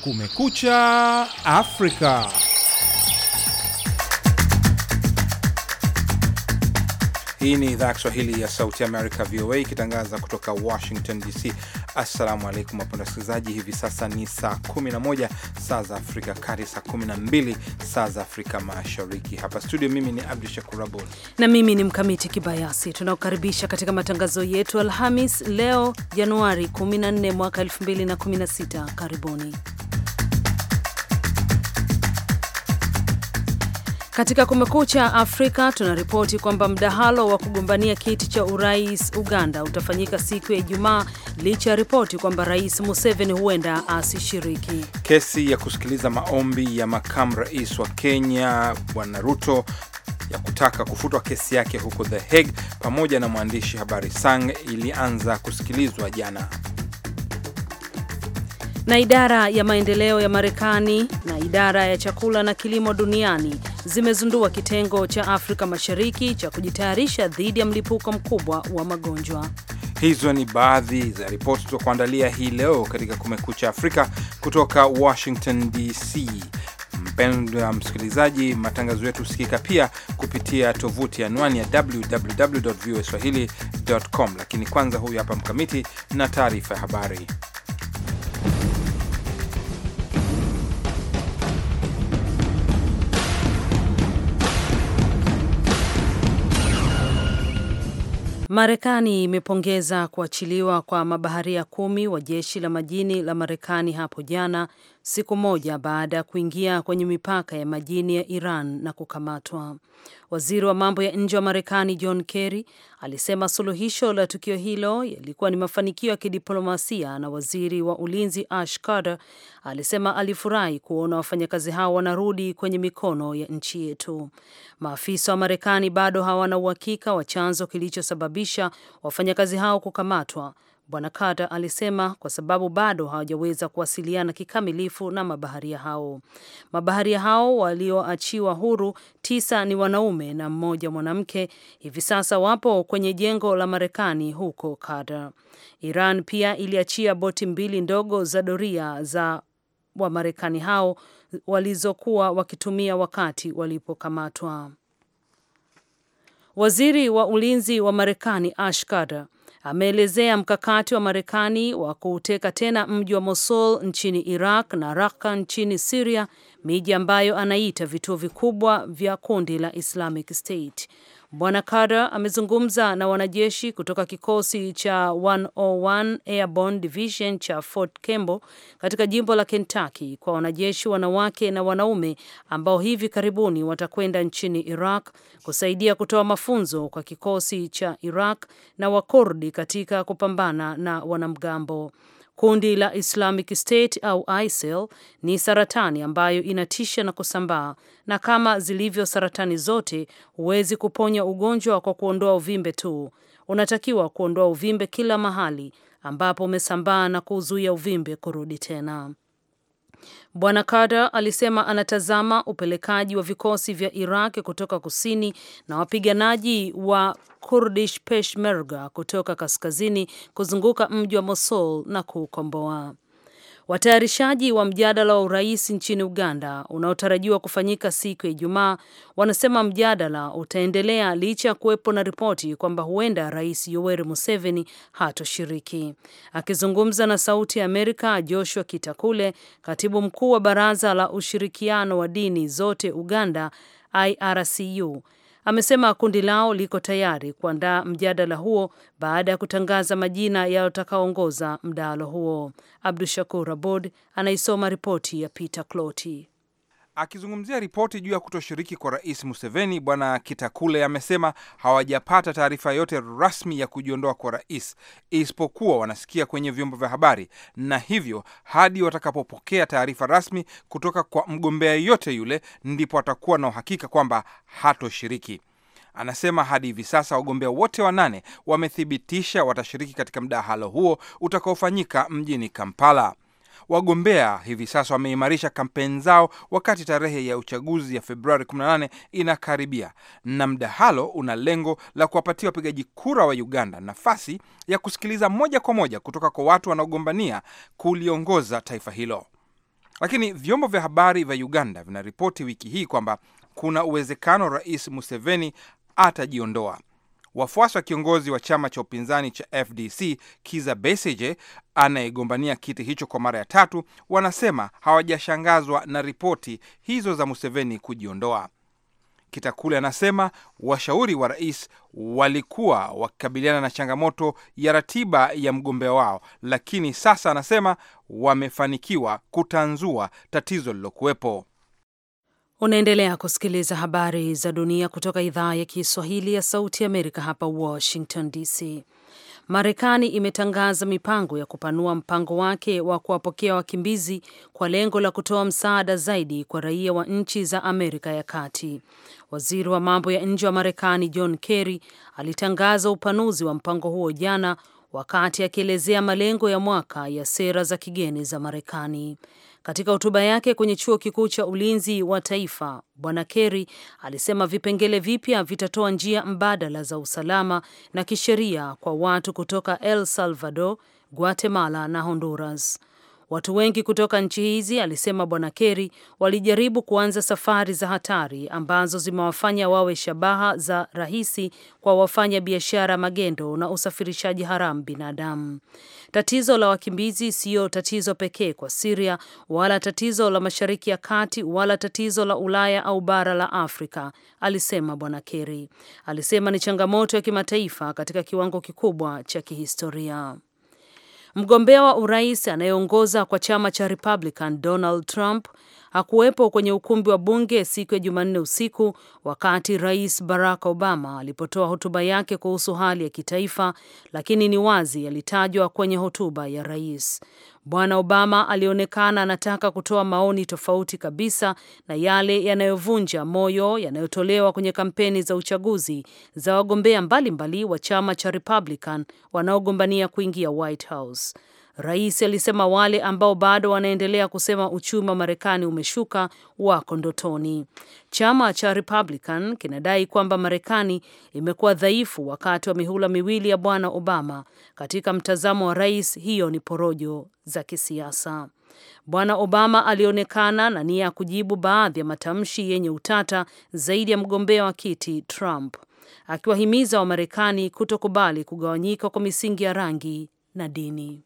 Kumekucha Afrika. Hii ni idhaa ya Kiswahili ya Sauti Amerika, VOA, ikitangaza kutoka Washington DC. Assalamu alaikum wapenda wasikilizaji, hivi sasa ni saa 11 saa za Afrika Kati, saa 12 saa za Afrika Mashariki. Hapa studio, mimi ni Abdu Shakur Abud na mimi ni Mkamiti Kibayasi. Tunakukaribisha katika matangazo yetu Alhamis leo Januari 14 mwaka 2016. Karibuni Katika Kumekucha Afrika tunaripoti kwamba mdahalo wa kugombania kiti cha urais Uganda utafanyika siku ya Ijumaa licha ya ripoti kwamba Rais Museveni huenda asishiriki. Kesi ya kusikiliza maombi ya makamu rais wa Kenya Bwana Ruto ya kutaka kufutwa kesi yake huko The Hague pamoja na mwandishi habari Sang ilianza kusikilizwa jana na idara ya maendeleo ya Marekani na idara ya chakula na kilimo duniani zimezindua kitengo cha Afrika Mashariki cha kujitayarisha dhidi ya mlipuko mkubwa wa magonjwa. Hizo ni baadhi za ripoti za kuandalia hii leo katika Kumekucha Afrika kutoka Washington DC. Mpendwa msikilizaji, matangazo yetu husikika pia kupitia tovuti anwani ya www voa swahili.com. Lakini kwanza, huyu hapa Mkamiti na taarifa ya habari. Marekani imepongeza kuachiliwa kwa mabaharia kumi wa jeshi la majini la Marekani hapo jana siku moja baada ya kuingia kwenye mipaka ya majini ya Iran na kukamatwa. Waziri wa mambo ya nje wa Marekani John Kerry alisema suluhisho la tukio hilo yalikuwa ni mafanikio ya kidiplomasia, na waziri wa ulinzi Ash Carter alisema alifurahi kuona wafanyakazi hao wanarudi kwenye mikono ya nchi yetu. Maafisa wa Marekani bado hawana uhakika wa chanzo kilichosababisha wafanyakazi hao kukamatwa, Bwana Carter alisema kwa sababu bado hawajaweza kuwasiliana kikamilifu na mabaharia hao. Mabaharia hao walioachiwa huru tisa ni wanaume na mmoja mwanamke, hivi sasa wapo kwenye jengo la Marekani huko kata Iran pia iliachia boti mbili ndogo za doria za Wamarekani hao walizokuwa wakitumia wakati walipokamatwa. Waziri wa ulinzi wa Marekani Ash Carter ameelezea mkakati wa Marekani wa kuuteka tena mji wa Mosul nchini Iraq na Raqqa nchini Syria, miji ambayo anaita vituo vikubwa vya kundi la Islamic State. Bwana Carter amezungumza na wanajeshi kutoka kikosi cha 101 Airborne Division cha Fort Campbell katika jimbo la Kentucky kwa wanajeshi wanawake na wanaume ambao hivi karibuni watakwenda nchini Iraq kusaidia kutoa mafunzo kwa kikosi cha Iraq na Wakurdi katika kupambana na wanamgambo. Kundi la Islamic State au ISIL ni saratani ambayo inatisha na kusambaa, na kama zilivyo saratani zote, huwezi kuponya ugonjwa kwa kuondoa uvimbe tu. Unatakiwa kuondoa uvimbe kila mahali ambapo umesambaa na kuzuia uvimbe kurudi tena. Bwana Carter alisema anatazama upelekaji wa vikosi vya Iraq kutoka kusini na wapiganaji wa Kurdish Peshmerga kutoka kaskazini kuzunguka mji wa Mosul na kuukomboa. Watayarishaji wa mjadala wa urais nchini Uganda unaotarajiwa kufanyika siku ya Ijumaa wanasema mjadala utaendelea licha ya kuwepo na ripoti kwamba huenda Rais Yoweri Museveni hatoshiriki. Akizungumza na Sauti ya Amerika, Joshua Kitakule, katibu mkuu wa Baraza la Ushirikiano wa Dini Zote Uganda IRCU amesema kundi lao liko tayari kuandaa mjadala huo baada ya kutangaza majina ya watakaoongoza mdahalo huo. Abdu Shakur Abod anaisoma ripoti ya Peter Cloti. Akizungumzia ripoti juu ya kutoshiriki kwa rais Museveni, bwana Kitakule amesema hawajapata taarifa yote rasmi ya kujiondoa kwa rais, isipokuwa wanasikia kwenye vyombo vya habari, na hivyo hadi watakapopokea taarifa rasmi kutoka kwa mgombea yote yule, ndipo watakuwa na uhakika kwamba hatoshiriki. Anasema hadi hivi sasa wagombea wote wanane wamethibitisha watashiriki katika mdahalo huo utakaofanyika mjini Kampala. Wagombea hivi sasa wameimarisha kampeni zao wakati tarehe ya uchaguzi ya Februari 18 inakaribia, na mdahalo una lengo la kuwapatia wapigaji kura wa Uganda nafasi ya kusikiliza moja kwa moja kutoka kwa watu wanaogombania kuliongoza taifa hilo. Lakini vyombo vya habari vya Uganda vinaripoti wiki hii kwamba kuna uwezekano Rais Museveni atajiondoa. Wafuasi wa kiongozi wa chama cha upinzani cha FDC Kiza Besigye anayegombania kiti hicho kwa mara ya tatu wanasema hawajashangazwa na ripoti hizo za Museveni kujiondoa. Kitakule anasema washauri wa rais walikuwa wakikabiliana na changamoto ya ratiba ya mgombea wao, lakini sasa anasema wamefanikiwa kutanzua tatizo lililokuwepo. Unaendelea kusikiliza habari za dunia kutoka idhaa ya Kiswahili ya Sauti Amerika hapa Washington DC. Marekani imetangaza mipango ya kupanua mpango wake wa kuwapokea wakimbizi kwa lengo la kutoa msaada zaidi kwa raia wa nchi za Amerika ya Kati. Waziri wa mambo ya nje wa Marekani John Kerry alitangaza upanuzi wa mpango huo jana wakati akielezea malengo ya mwaka ya sera za kigeni za Marekani. Katika hotuba yake kwenye chuo kikuu cha ulinzi wa taifa, Bwana Kerry alisema vipengele vipya vitatoa njia mbadala za usalama na kisheria kwa watu kutoka El Salvador, Guatemala na Honduras. Watu wengi kutoka nchi hizi, alisema Bwana Kerry, walijaribu kuanza safari za hatari ambazo zimewafanya wawe shabaha za rahisi kwa wafanya biashara magendo na usafirishaji haramu binadamu. Tatizo la wakimbizi siyo tatizo pekee kwa Siria wala tatizo la Mashariki ya Kati wala tatizo la Ulaya au bara la Afrika, alisema Bwana Kerry. Alisema ni changamoto ya kimataifa katika kiwango kikubwa cha kihistoria. Mgombea wa urais anayeongoza kwa chama cha Republican Donald Trump hakuwepo kwenye ukumbi wa bunge siku ya Jumanne usiku wakati Rais Barack Obama alipotoa hotuba yake kuhusu hali ya kitaifa, lakini ni wazi alitajwa kwenye hotuba ya rais. Bwana Obama alionekana anataka kutoa maoni tofauti kabisa na yale yanayovunja moyo yanayotolewa kwenye kampeni za uchaguzi za wagombea mbalimbali wa chama cha Republican wanaogombania kuingia White House. Rais alisema wale ambao bado wanaendelea kusema uchumi wa Marekani umeshuka wako ndotoni. Chama cha Republican kinadai kwamba Marekani imekuwa dhaifu wakati wa mihula miwili ya Bwana Obama. Katika mtazamo wa rais, hiyo ni porojo za kisiasa. Bwana Obama alionekana na nia ya kujibu baadhi ya matamshi yenye utata zaidi ya mgombea wa kiti Trump, akiwahimiza Wamarekani kutokubali kugawanyika kwa misingi ya rangi na dini.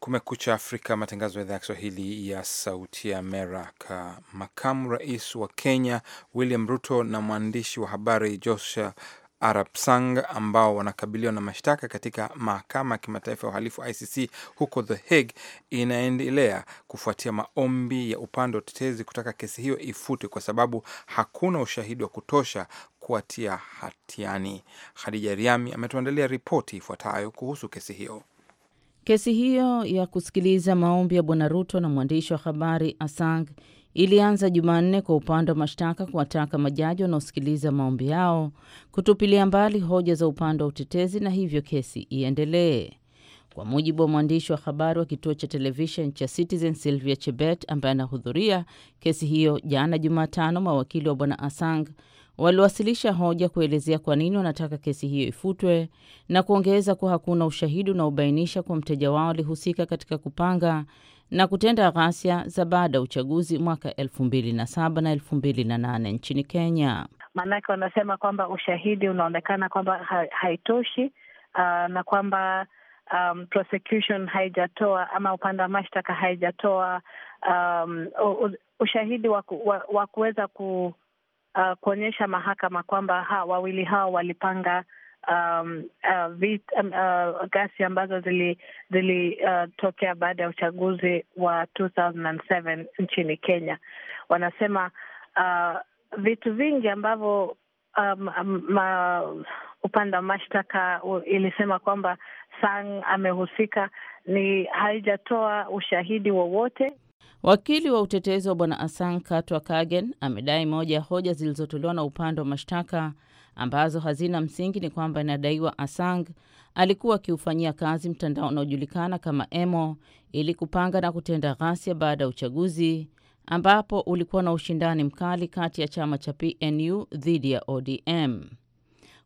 Kumekucha Afrika, matangazo ya idhaa ya Kiswahili ya Sauti ya Amerika. Makamu rais wa Kenya William Ruto na mwandishi wa habari Joshua Arabsang ambao wanakabiliwa na mashtaka katika mahakama ya kimataifa ya uhalifu ICC huko The Hague inaendelea kufuatia maombi ya upande wa utetezi kutaka kesi hiyo ifutwe kwa sababu hakuna ushahidi wa kutosha kuatia hatiani. Khadija Riami ametuandalia ripoti ifuatayo kuhusu kesi hiyo. Kesi hiyo ya kusikiliza maombi ya Bwana Ruto na mwandishi wa habari Asang ilianza Jumanne kwa upande wa mashtaka kuwataka majaji wanaosikiliza maombi yao kutupilia mbali hoja za upande wa utetezi na hivyo kesi iendelee. Kwa mujibu wa mwandishi wa habari wa kituo cha televishen cha Citizen Sylvia Chebet ambaye anahudhuria kesi hiyo jana Jumatano, mawakili wa bwana Assange waliwasilisha hoja kuelezea kwa nini wanataka kesi hiyo ifutwe na kuongeza kuwa hakuna ushahidi unaobainisha kuwa mteja wao alihusika katika kupanga na kutenda ghasia za baada ya uchaguzi mwaka elfu mbili na saba na elfu mbili na nane nchini Kenya. Maanake wanasema kwamba ushahidi unaonekana kwamba haitoshi, uh, na kwamba um, prosecution haijatoa ama upande wa mashtaka haijatoa um, ushahidi wa kuweza ku, uh, kuonyesha mahakama kwamba ha, wawili hao walipanga um, uh, vit, um, uh, gasi ambazo zilitokea uh, baada ya uchaguzi wa 2007 nchini Kenya. Wanasema uh, vitu vingi ambavyo um, um upande wa mashtaka ilisema kwamba Sang amehusika ni haijatoa ushahidi wowote. Wakili wa utetezi wa bwana Asang Katwa Kagen amedai moja ya hoja zilizotolewa na upande wa mashtaka ambazo hazina msingi ni kwamba inadaiwa Assange alikuwa akiufanyia kazi mtandao unaojulikana kama Emo ili kupanga na kutenda ghasia baada ya uchaguzi ambapo ulikuwa na ushindani mkali kati ya chama cha PNU dhidi ya ODM.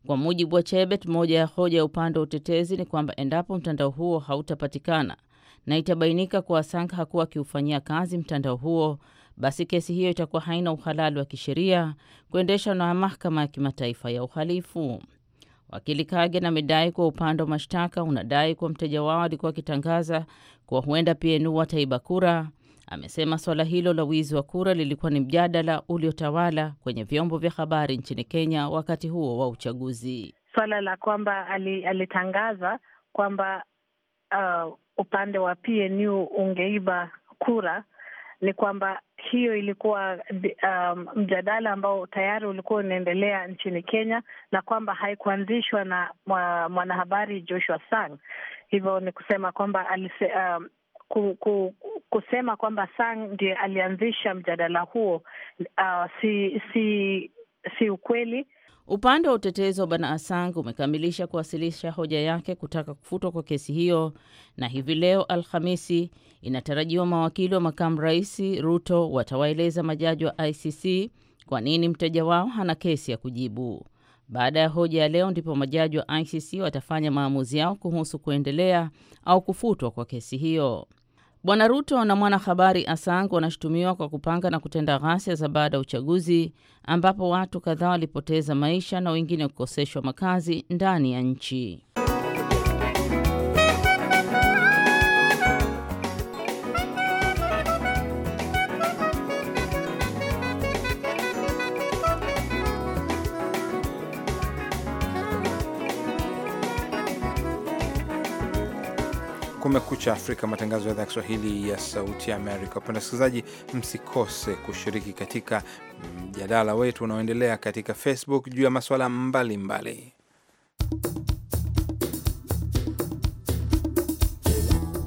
Kwa mujibu wa Chebet, moja ya hoja ya upande wa utetezi ni kwamba endapo mtandao huo hautapatikana na itabainika kuwa Assange hakuwa akiufanyia kazi mtandao huo, basi kesi hiyo itakuwa haina uhalali wa kisheria kuendeshwa na mahakama ya kimataifa ya uhalifu. Wakili na amedai kuwa upande wa mashtaka unadai kuwa mteja wao alikuwa akitangaza kuwa huenda PNU wataiba kura. Amesema suala hilo la wizi wa kura lilikuwa ni mjadala uliotawala kwenye vyombo vya habari nchini Kenya wakati huo wa uchaguzi. Swala la kwamba alitangaza kwamba uh, upande wa PNU ungeiba kura ni kwamba hiyo ilikuwa um, mjadala ambao tayari ulikuwa unaendelea nchini Kenya na kwamba haikuanzishwa na mwanahabari Joshua Sang. Hivyo ni kusema kwamba alise, um, ku, ku, kusema kwamba Sang ndiye alianzisha mjadala huo uh, si si si ukweli Upande wa utetezi wa Bwana Assange umekamilisha kuwasilisha hoja yake kutaka kufutwa kwa kesi hiyo, na hivi leo Alhamisi inatarajiwa mawakili wa makamu rais Ruto watawaeleza majaji wa ICC kwa nini mteja wao hana kesi ya kujibu. Baada ya hoja ya leo, ndipo majaji wa ICC watafanya maamuzi yao kuhusu kuendelea au kufutwa kwa kesi hiyo. Bwana Ruto na mwanahabari Asangu wanashutumiwa kwa kupanga na kutenda ghasia za baada ya uchaguzi ambapo watu kadhaa walipoteza maisha na wengine kukoseshwa makazi ndani ya nchi. Kumekucha Afrika, matangazo ya idhaa Kiswahili ya Sauti ya Amerika. Wapenda wasikilizaji, msikose kushiriki katika mjadala wetu unaoendelea katika Facebook juu ya masuala mbalimbali.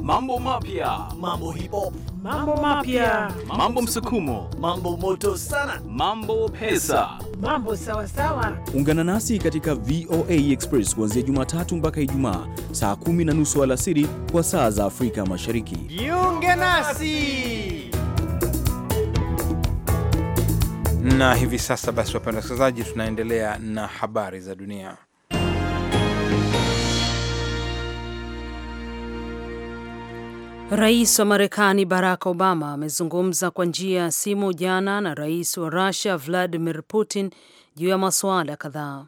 Mambo mapya, mambo hip hop mambo mapya, mambo msukumo, mambo moto sana, mambo pesa, mambo sawa sawa. Ungana nasi katika VOA Express kuanzia Jumatatu mpaka Ijumaa saa kumi na nusu alasiri kwa saa za Afrika Mashariki. Jiunge nasi. Na hivi sasa basi, wapenda wasikilizaji, tunaendelea na habari za dunia. Rais wa Marekani Barack Obama amezungumza kwa njia ya simu jana na rais wa Rusia Vladimir Putin juu ya masuala kadhaa.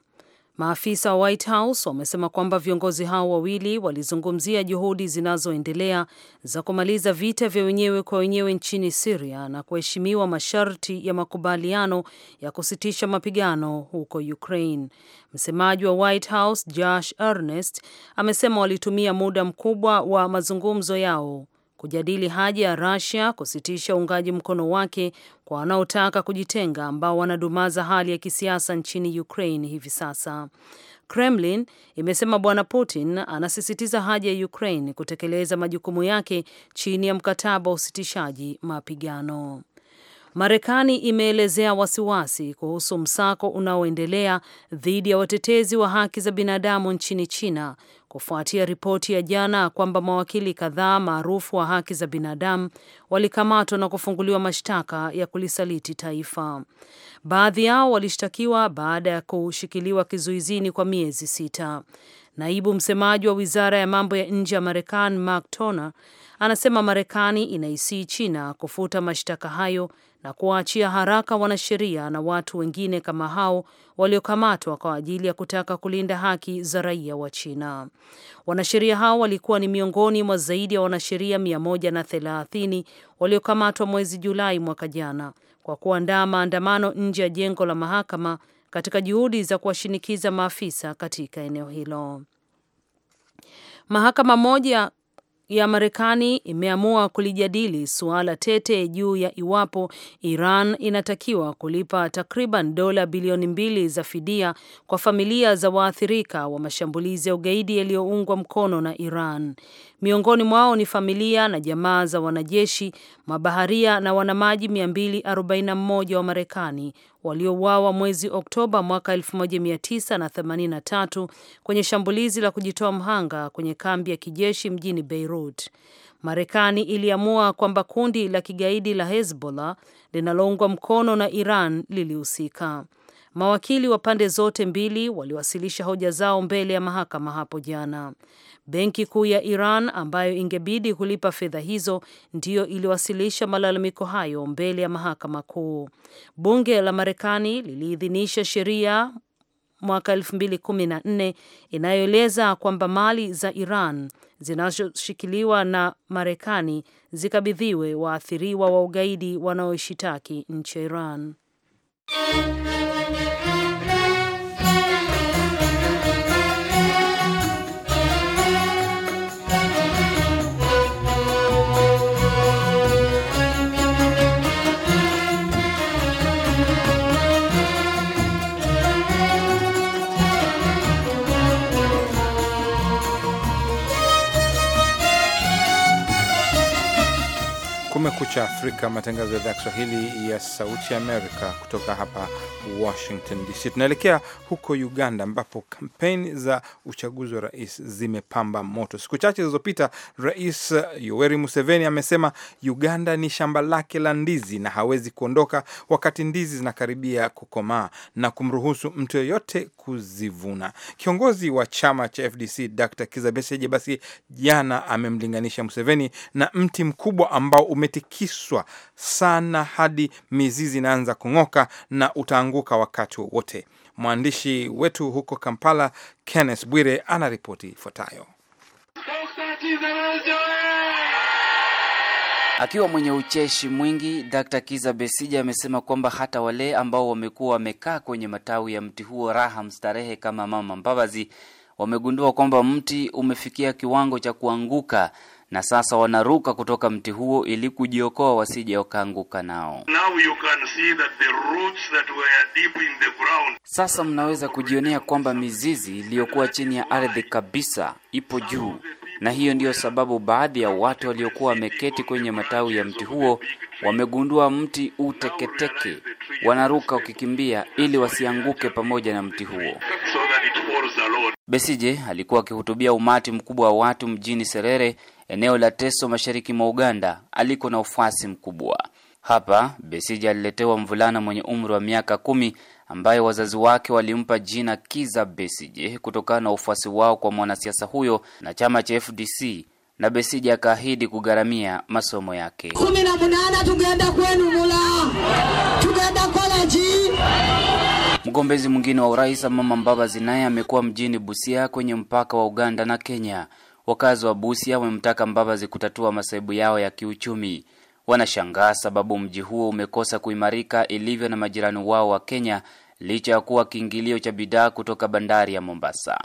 Maafisa wa White House wamesema kwamba viongozi hao wawili walizungumzia juhudi zinazoendelea za kumaliza vita vya wenyewe kwa wenyewe nchini Siria na kuheshimiwa masharti ya makubaliano ya kusitisha mapigano huko Ukraine. Msemaji wa White House Josh Earnest amesema walitumia muda mkubwa wa mazungumzo yao kujadili haja ya Russia kusitisha uungaji mkono wake kwa wanaotaka kujitenga ambao wanadumaza hali ya kisiasa nchini Ukraine hivi sasa. Kremlin imesema Bwana Putin anasisitiza haja ya Ukraine kutekeleza majukumu yake chini ya mkataba wa usitishaji mapigano. Marekani imeelezea wasiwasi kuhusu msako unaoendelea dhidi ya watetezi wa haki za binadamu nchini China kufuatia ripoti ya jana kwamba mawakili kadhaa maarufu wa haki za binadamu walikamatwa na kufunguliwa mashtaka ya kulisaliti taifa. Baadhi yao walishtakiwa baada ya kushikiliwa kizuizini kwa miezi sita. Naibu msemaji wa wizara ya mambo ya nje ya Marekani Mark Toner anasema Marekani inaisii China kufuta mashtaka hayo na kuwaachia haraka wanasheria na watu wengine kama hao waliokamatwa kwa ajili ya kutaka kulinda haki za raia wa China. Wanasheria hao walikuwa ni miongoni mwa zaidi ya wanasheria 130 waliokamatwa mwezi Julai mwaka jana kwa kuandaa maandamano nje ya jengo la mahakama katika juhudi za kuwashinikiza maafisa katika eneo hilo. Mahakama moja ya Marekani imeamua kulijadili suala tete juu ya iwapo Iran inatakiwa kulipa takriban dola bilioni mbili za fidia kwa familia za waathirika wa mashambulizi ya ugaidi yaliyoungwa mkono na Iran. Miongoni mwao ni familia na jamaa za wanajeshi, mabaharia na wanamaji 241 wa Marekani waliouawa mwezi Oktoba mwaka 1983 kwenye shambulizi la kujitoa mhanga kwenye kambi ya kijeshi mjini Beirut. Marekani iliamua kwamba kundi la kigaidi la Hezbollah linaloungwa mkono na Iran lilihusika. Mawakili wa pande zote mbili waliwasilisha hoja zao mbele ya mahakama hapo jana. Benki Kuu ya Iran ambayo ingebidi kulipa fedha hizo ndiyo iliwasilisha malalamiko hayo mbele ya mahakama kuu. Bunge la Marekani liliidhinisha sheria mwaka 2014 inayoeleza kwamba mali za Iran zinazoshikiliwa na Marekani zikabidhiwe waathiriwa wa ugaidi wanaoishitaki nchi ya Iran. Kumekucha Afrika, matangazo ya idhaa Kiswahili ya Sauti Amerika kutoka hapa Washington DC. Tunaelekea huko Uganda ambapo kampeni za uchaguzi wa rais zimepamba moto. Siku chache zilizopita, Rais Yoweri Museveni amesema Uganda ni shamba lake la ndizi na hawezi kuondoka wakati ndizi zinakaribia kukomaa na kumruhusu mtu yeyote kuzivuna. Kiongozi wa chama cha FDC Dr. Kiza Besigye basi jana amemlinganisha Museveni na mti mkubwa ambao ume umetikiswa sana hadi mizizi inaanza kung'oka na utaanguka wakati wowote. Mwandishi wetu huko Kampala, Kenneth Bwire, ana ripoti ifuatayo. Akiwa mwenye ucheshi mwingi, Dr. Kiza Besija amesema kwamba hata wale ambao wamekuwa wamekaa kwenye matawi ya mti huo raha mstarehe kama mama Mbabazi wamegundua kwamba mti umefikia kiwango cha kuanguka na sasa wanaruka kutoka mti huo ili kujiokoa wasije wakaanguka nao. Sasa mnaweza kujionea kwamba mizizi iliyokuwa chini ya ardhi kabisa ipo juu, na hiyo ndiyo sababu baadhi ya watu waliokuwa wameketi kwenye matawi ya mti huo wamegundua mti uteketeke, wanaruka wakikimbia ili wasianguke pamoja na mti huo so Besije alikuwa akihutubia umati mkubwa wa watu mjini Serere, eneo la Teso, mashariki mwa Uganda, aliko na ufuasi mkubwa. Hapa Besije aliletewa mvulana mwenye umri wa miaka kumi ambaye wazazi wake walimpa jina Kiza Besije kutokana na ufuasi wao kwa mwanasiasa huyo na chama cha FDC na Besije akaahidi kugharamia masomo yake. kumi na kwenu mula Mgombezi mwingine wa urais Amama Mbabazi naye amekuwa mjini Busia kwenye mpaka wa Uganda na Kenya. Wakazi wa Busia wamemtaka Mbabazi kutatua masaibu yao ya kiuchumi. Wanashangaa sababu mji huo umekosa kuimarika ilivyo na majirani wao wa Kenya licha ya kuwa kiingilio cha bidhaa kutoka bandari ya Mombasa.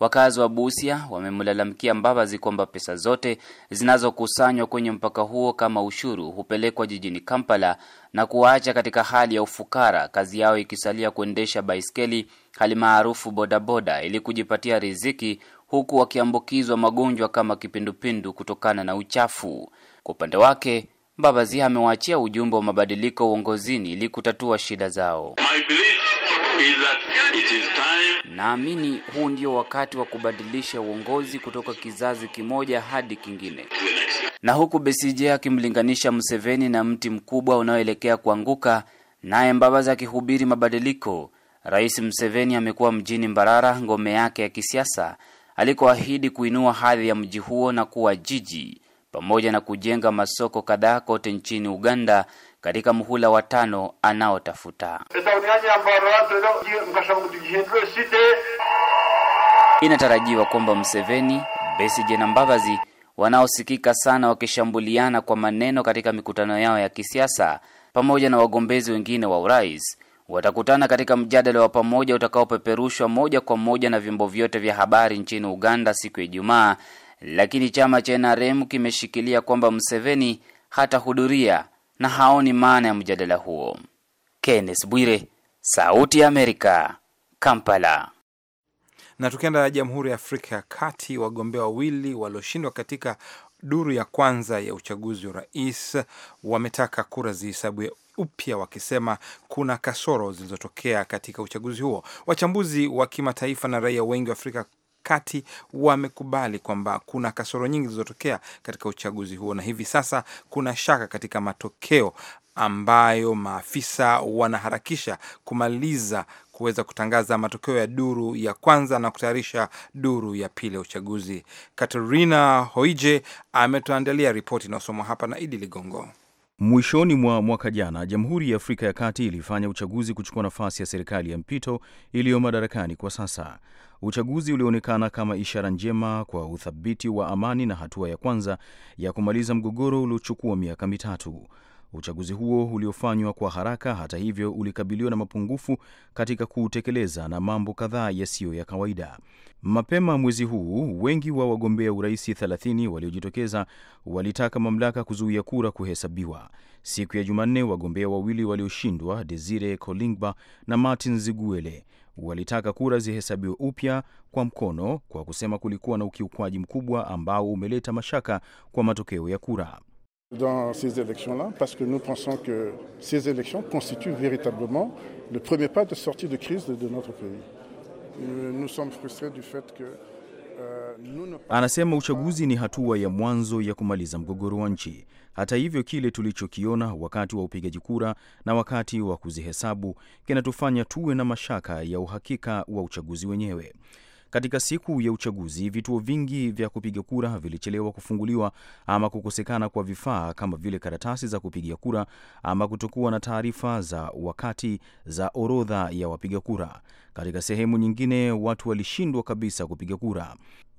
Wakazi wa Busia wamemlalamikia Mbabazi kwamba pesa zote zinazokusanywa kwenye mpaka huo kama ushuru hupelekwa jijini Kampala na kuwaacha katika hali ya ufukara, kazi yao ikisalia kuendesha baiskeli hali maarufu bodaboda ili kujipatia riziki, huku wakiambukizwa magonjwa kama kipindupindu kutokana na uchafu. Kwa upande wake Mbabazi amewaachia ujumbe wa mabadiliko uongozini ili kutatua shida zao. Naamini huu ndio wakati wa kubadilisha uongozi kutoka kizazi kimoja hadi kingine. Na huku besije akimlinganisha Museveni na mti mkubwa unaoelekea kuanguka, naye Mbabazi akihubiri mabadiliko, Rais Museveni amekuwa mjini Mbarara, ngome yake ya kisiasa, alikoahidi kuinua hadhi ya mji huo na kuwa jiji, pamoja na kujenga masoko kadhaa kote nchini Uganda katika muhula wa tano anaotafuta. Inatarajiwa kwamba mseveni Besigye na Mbabazi wanaosikika sana wakishambuliana kwa maneno katika mikutano yao ya kisiasa pamoja na wagombezi wengine wa urais watakutana katika mjadala wa pamoja utakaopeperushwa moja kwa moja na vyombo vyote vya habari nchini Uganda siku ya Ijumaa, lakini chama cha NRM kimeshikilia kwamba Museveni hatahudhuria na haoni maana ya mjadala huo. Kenneth Bwire, Sauti ya Amerika, Kampala. Na tukienda Jamhuri ya Afrika ya Kati, wagombea wawili walioshindwa katika duru ya kwanza ya uchaguzi wa rais wametaka kura zihesabiwe upya wakisema kuna kasoro zilizotokea katika uchaguzi huo. Wachambuzi wa kimataifa na raia wengi wa Afrika wanaharakati wamekubali kwamba kuna kasoro nyingi zilizotokea katika uchaguzi huo, na hivi sasa kuna shaka katika matokeo ambayo maafisa wanaharakisha kumaliza kuweza kutangaza matokeo ya duru ya kwanza na kutayarisha duru ya pili ya uchaguzi. Katerina Hoije ametuandalia ripoti inayosomwa hapa na Idi Ligongo. Mwishoni mwa mwaka jana, Jamhuri ya Afrika ya Kati ilifanya uchaguzi kuchukua nafasi ya serikali ya mpito iliyo madarakani kwa sasa. Uchaguzi ulioonekana kama ishara njema kwa uthabiti wa amani na hatua ya kwanza ya kumaliza mgogoro uliochukua miaka mitatu. Uchaguzi huo uliofanywa kwa haraka, hata hivyo, ulikabiliwa na mapungufu katika kuutekeleza na mambo kadhaa yasiyo ya kawaida. Mapema mwezi huu, wengi wa wagombea urais 30 waliojitokeza walitaka mamlaka kuzuia kura kuhesabiwa. Siku ya Jumanne, wagombea wawili walioshindwa, Desire Kolingba na Martin Ziguele, walitaka kura zihesabiwe upya kwa mkono kwa kusema kulikuwa na ukiukwaji mkubwa ambao umeleta mashaka kwa matokeo ya kura. Dans ces là parce que nous pensons que ces constituent véritablement le premier pas de sortie de crise de notre pays. Euh, nous sommes frustrés du fait que euh, Anasema uchaguzi ni hatua ya mwanzo ya kumaliza mgogoro wa nchi. Hata hivyo, kile tulichokiona wakati wa upigaji kura na wakati wa kuzihesabu kinatufanya tuwe na mashaka ya uhakika wa uchaguzi wenyewe. Katika siku ya uchaguzi, vituo vingi vya kupiga kura vilichelewa kufunguliwa ama kukosekana kwa vifaa kama vile karatasi za kupiga kura ama kutokuwa na taarifa za wakati za orodha ya wapiga kura. Katika sehemu nyingine, watu walishindwa kabisa kupiga kura.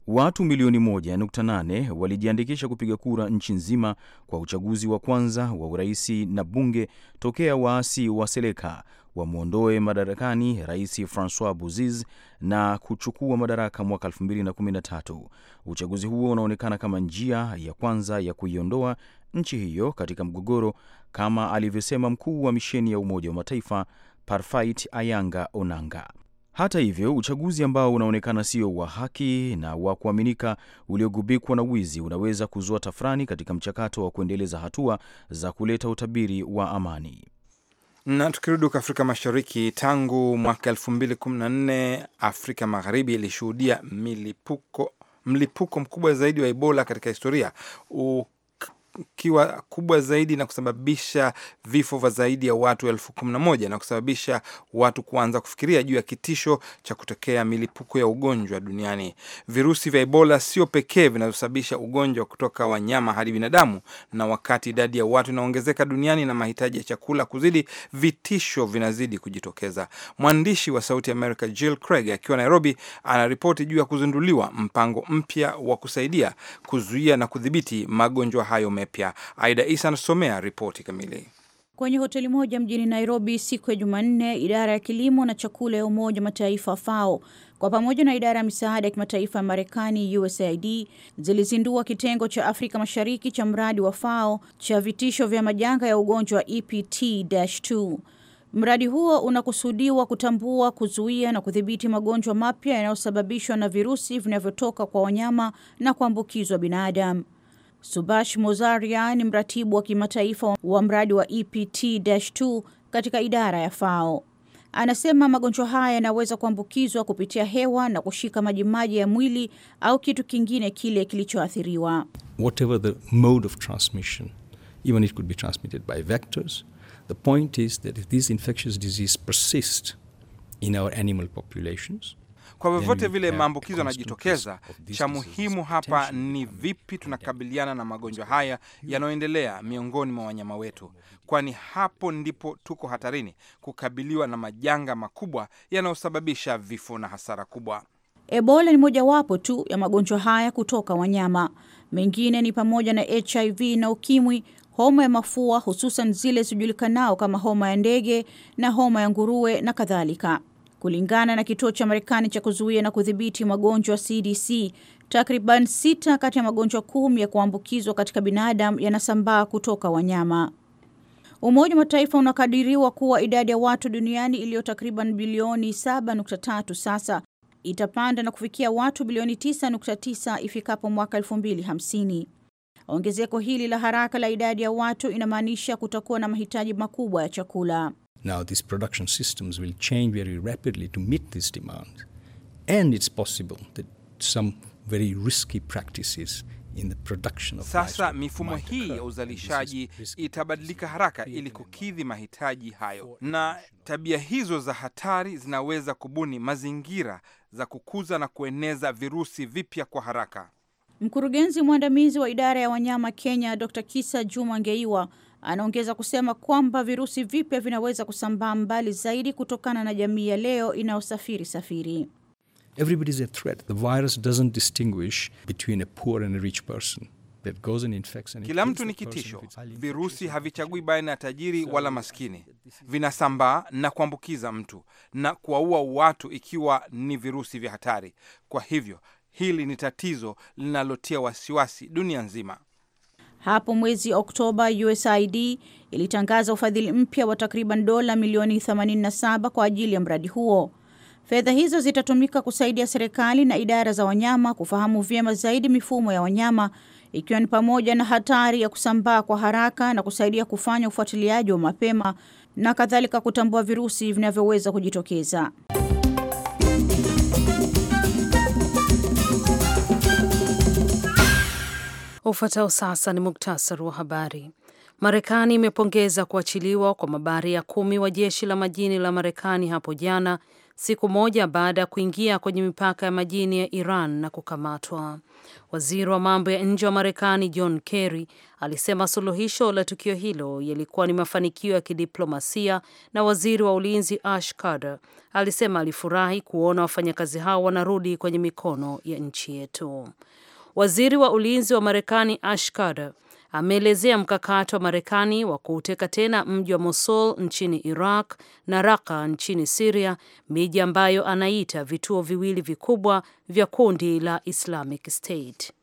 Watu milioni 1.8 walijiandikisha kupiga kura nchi nzima kwa uchaguzi wa kwanza wa uraisi na bunge tokea waasi wa Seleka wamwondoe madarakani Rais Francois Bozize na kuchukua madaraka mwaka 2013. Uchaguzi huo unaonekana kama njia ya kwanza ya kuiondoa nchi hiyo katika mgogoro, kama alivyosema mkuu wa misheni ya Umoja wa Mataifa Parfait Ayanga Onanga. Hata hivyo, uchaguzi ambao unaonekana sio wa haki na wa kuaminika, uliogubikwa na wizi, unaweza kuzua tafrani katika mchakato wa kuendeleza hatua za kuleta utabiri wa amani. Na tukirudi huko Afrika Mashariki, tangu mwaka 214 Afrika Magharibi ilishuhudia milipuko mlipuko mkubwa zaidi wa Ebola katika historia, kiwa kubwa zaidi na kusababisha vifo vya zaidi ya watu elfu kumi na moja na kusababisha watu kuanza kufikiria juu ya kitisho cha kutokea milipuko ya ugonjwa duniani. Virusi vya Ebola sio pekee vinavyosababisha ugonjwa kutoka wanyama hadi binadamu, na wakati idadi ya watu inaongezeka duniani na mahitaji ya chakula kuzidi, vitisho vinazidi kujitokeza. Mwandishi wa Sauti America Jill Craig akiwa Nairobi anaripoti juu ya kuzinduliwa mpango mpya wa kusaidia kuzuia na kudhibiti magonjwa hayo mepa. Ethiopia. Aida Isa anasomea ripoti kamili. Kwenye hoteli moja mjini Nairobi siku ya Jumanne, idara ya kilimo na chakula ya Umoja Mataifa FAO kwa pamoja na idara ya misaada ya kimataifa ya Marekani USAID zilizindua kitengo cha Afrika Mashariki cha mradi wa FAO cha vitisho vya majanga ya ugonjwa wa EPT-2. Mradi huo unakusudiwa kutambua, kuzuia na kudhibiti magonjwa mapya yanayosababishwa na virusi vinavyotoka kwa wanyama na kuambukizwa binadamu. Subash Mozaria ni mratibu wa kimataifa wa mradi wa EPT-2 katika idara ya FAO. Anasema magonjwa haya yanaweza kuambukizwa kupitia hewa na kushika majimaji ya mwili au kitu kingine kile kilichoathiriwa. Whatever the mode of transmission, even it could be transmitted by vectors. The point is that if these infectious disease persist in our animal populations, kwa vyovyote vile uh, maambukizo yanajitokeza, cha muhimu hapa ni vipi tunakabiliana na magonjwa haya yanayoendelea miongoni mwa wanyama wetu, kwani hapo ndipo tuko hatarini kukabiliwa na majanga makubwa yanayosababisha vifo na hasara kubwa. Ebola ni mojawapo tu ya magonjwa haya kutoka wanyama. Mengine ni pamoja na HIV na ukimwi, homa ya mafua, hususan zile zijulikanao kama homa ya ndege na homa ya nguruwe na kadhalika. Kulingana na kituo cha Marekani cha kuzuia na kudhibiti magonjwa CDC, takriban sita kati ya magonjwa kumi ya kuambukizwa katika binadamu yanasambaa kutoka wanyama. Umoja wa Mataifa unakadiriwa kuwa idadi ya watu duniani iliyo takriban bilioni 7.3 sasa itapanda na kufikia watu bilioni 9.9 ifikapo mwaka 2050. Ongezeko hili la haraka la idadi ya watu inamaanisha kutakuwa na mahitaji makubwa ya chakula. Now, these production systems will change very rapidly to meet this demand. And it's possible that some very risky practices in the production of Sasa mifumo hii ya uzalishaji itabadilika haraka ili kukidhi mahitaji hayo, na tabia hizo za hatari zinaweza kubuni mazingira za kukuza na kueneza virusi vipya kwa haraka. Mkurugenzi mwandamizi wa idara ya wanyama Kenya, Dr. Kisa Juma Ngeiwa Anaongeza kusema kwamba virusi vipya vinaweza kusambaa mbali zaidi kutokana na jamii ya leo inayosafiri safiri. a threat. The virus doesn't distinguish between a poor and a rich person. Kila mtu ni kitisho. Virusi havichagui baina ya tajiri wala maskini, vinasambaa na kuambukiza mtu na kuwaua watu ikiwa ni virusi vya hatari. Kwa hivyo hili ni tatizo linalotia wasiwasi dunia nzima. Hapo mwezi Oktoba, USAID ilitangaza ufadhili mpya wa takriban dola milioni 87 kwa ajili ya mradi huo. Fedha hizo zitatumika kusaidia serikali na idara za wanyama kufahamu vyema zaidi mifumo ya wanyama, ikiwa ni pamoja na hatari ya kusambaa kwa haraka na kusaidia kufanya ufuatiliaji wa mapema na kadhalika, kutambua virusi vinavyoweza kujitokeza. Ufuatao sasa ni muktasari wa habari. Marekani imepongeza kuachiliwa kwa mabaharia kumi wa jeshi la majini la Marekani hapo jana, siku moja baada ya kuingia kwenye mipaka ya majini ya Iran na kukamatwa. Waziri wa mambo ya nje wa Marekani John Kerry alisema suluhisho la tukio hilo yalikuwa ni mafanikio ya kidiplomasia, na waziri wa ulinzi Ash Carter alisema alifurahi kuona wafanyakazi hao wanarudi kwenye mikono ya nchi yetu. Waziri wa ulinzi wa Marekani Ash Carter ameelezea mkakati wa Marekani wa kuuteka tena mji wa Mosul nchini Iraq na Raqqa nchini Siria, miji ambayo anaita vituo viwili vikubwa vya kundi la Islamic State.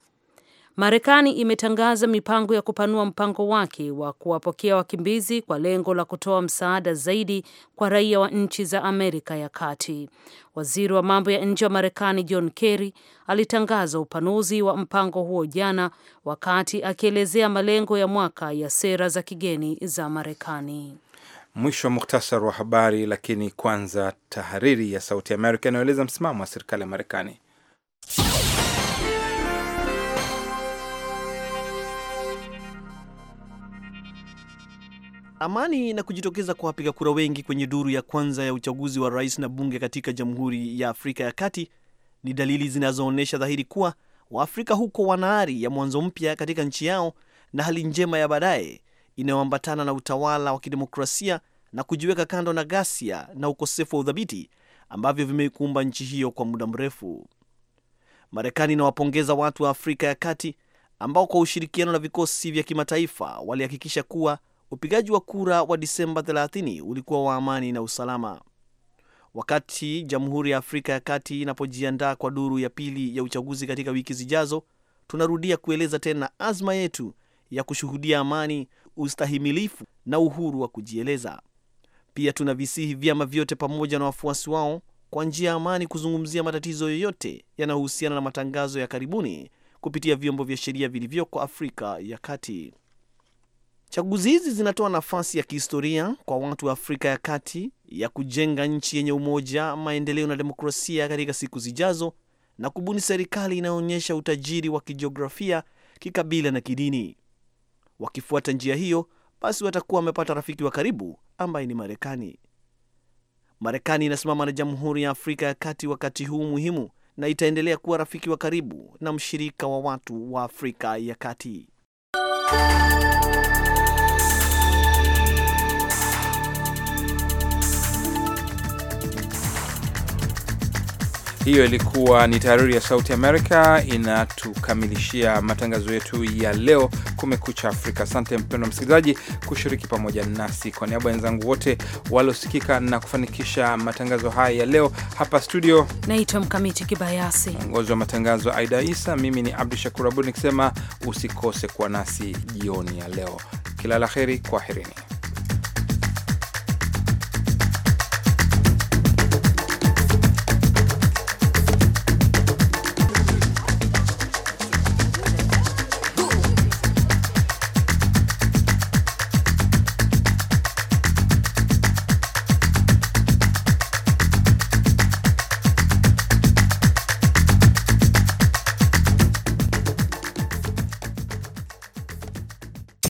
Marekani imetangaza mipango ya kupanua mpango wake wa kuwapokea wakimbizi kwa lengo la kutoa msaada zaidi kwa raia wa nchi za Amerika ya Kati. Waziri wa mambo ya nje wa Marekani John Kerry alitangaza upanuzi wa mpango huo jana wakati akielezea malengo ya mwaka ya sera za kigeni za Marekani. Mwisho wa muktasar wa habari, lakini kwanza tahariri ya Sauti Amerika inayoeleza msimamo wa serikali ya Marekani. Amani na kujitokeza kwa wapiga kura wengi kwenye duru ya kwanza ya uchaguzi wa rais na bunge katika Jamhuri ya Afrika ya Kati ni dalili zinazoonyesha dhahiri kuwa Waafrika huko wana ari ya mwanzo mpya katika nchi yao na hali njema ya baadaye inayoambatana na utawala wa kidemokrasia na kujiweka kando na ghasia na ukosefu wa udhabiti ambavyo vimeikumba nchi hiyo kwa muda mrefu. Marekani inawapongeza watu wa Afrika ya Kati ambao kwa ushirikiano na vikosi vya kimataifa walihakikisha kuwa Upigaji wa kura wa Disemba 30 ulikuwa wa amani na usalama. Wakati Jamhuri ya Afrika ya Kati inapojiandaa kwa duru ya pili ya uchaguzi katika wiki zijazo, tunarudia kueleza tena azma yetu ya kushuhudia amani, ustahimilifu na uhuru wa kujieleza. Pia tunavisihi vyama vyote pamoja na wafuasi wao kwa njia ya amani kuzungumzia matatizo yoyote yanayohusiana na matangazo ya karibuni kupitia vyombo vya sheria vilivyoko Afrika ya Kati. Chaguzi hizi zinatoa nafasi ya kihistoria kwa watu wa Afrika ya Kati ya kujenga nchi yenye umoja, maendeleo na demokrasia katika siku zijazo na kubuni serikali inayoonyesha utajiri wa kijiografia, kikabila na kidini. Wakifuata njia hiyo, basi watakuwa wamepata rafiki wa karibu ambaye ni Marekani. Marekani inasimama na Jamhuri ya Afrika ya Kati wakati huu muhimu na itaendelea kuwa rafiki wa karibu na mshirika wa watu wa Afrika ya Kati. Hiyo ilikuwa ni tahariri ya Sauti Amerika inatukamilishia matangazo yetu ya leo, Kumekucha Afrika. Asante mpendwa msikilizaji kushiriki pamoja nasi. Kwa niaba ya wenzangu wote waliosikika na kufanikisha matangazo haya ya leo hapa studio, naitwa Mkamiti Kibayasi, mwongozi wa matangazo Aida Isa, mimi ni Abdu Shakur Abud nikisema usikose kuwa nasi jioni ya leo. Kila la heri, kwaherini.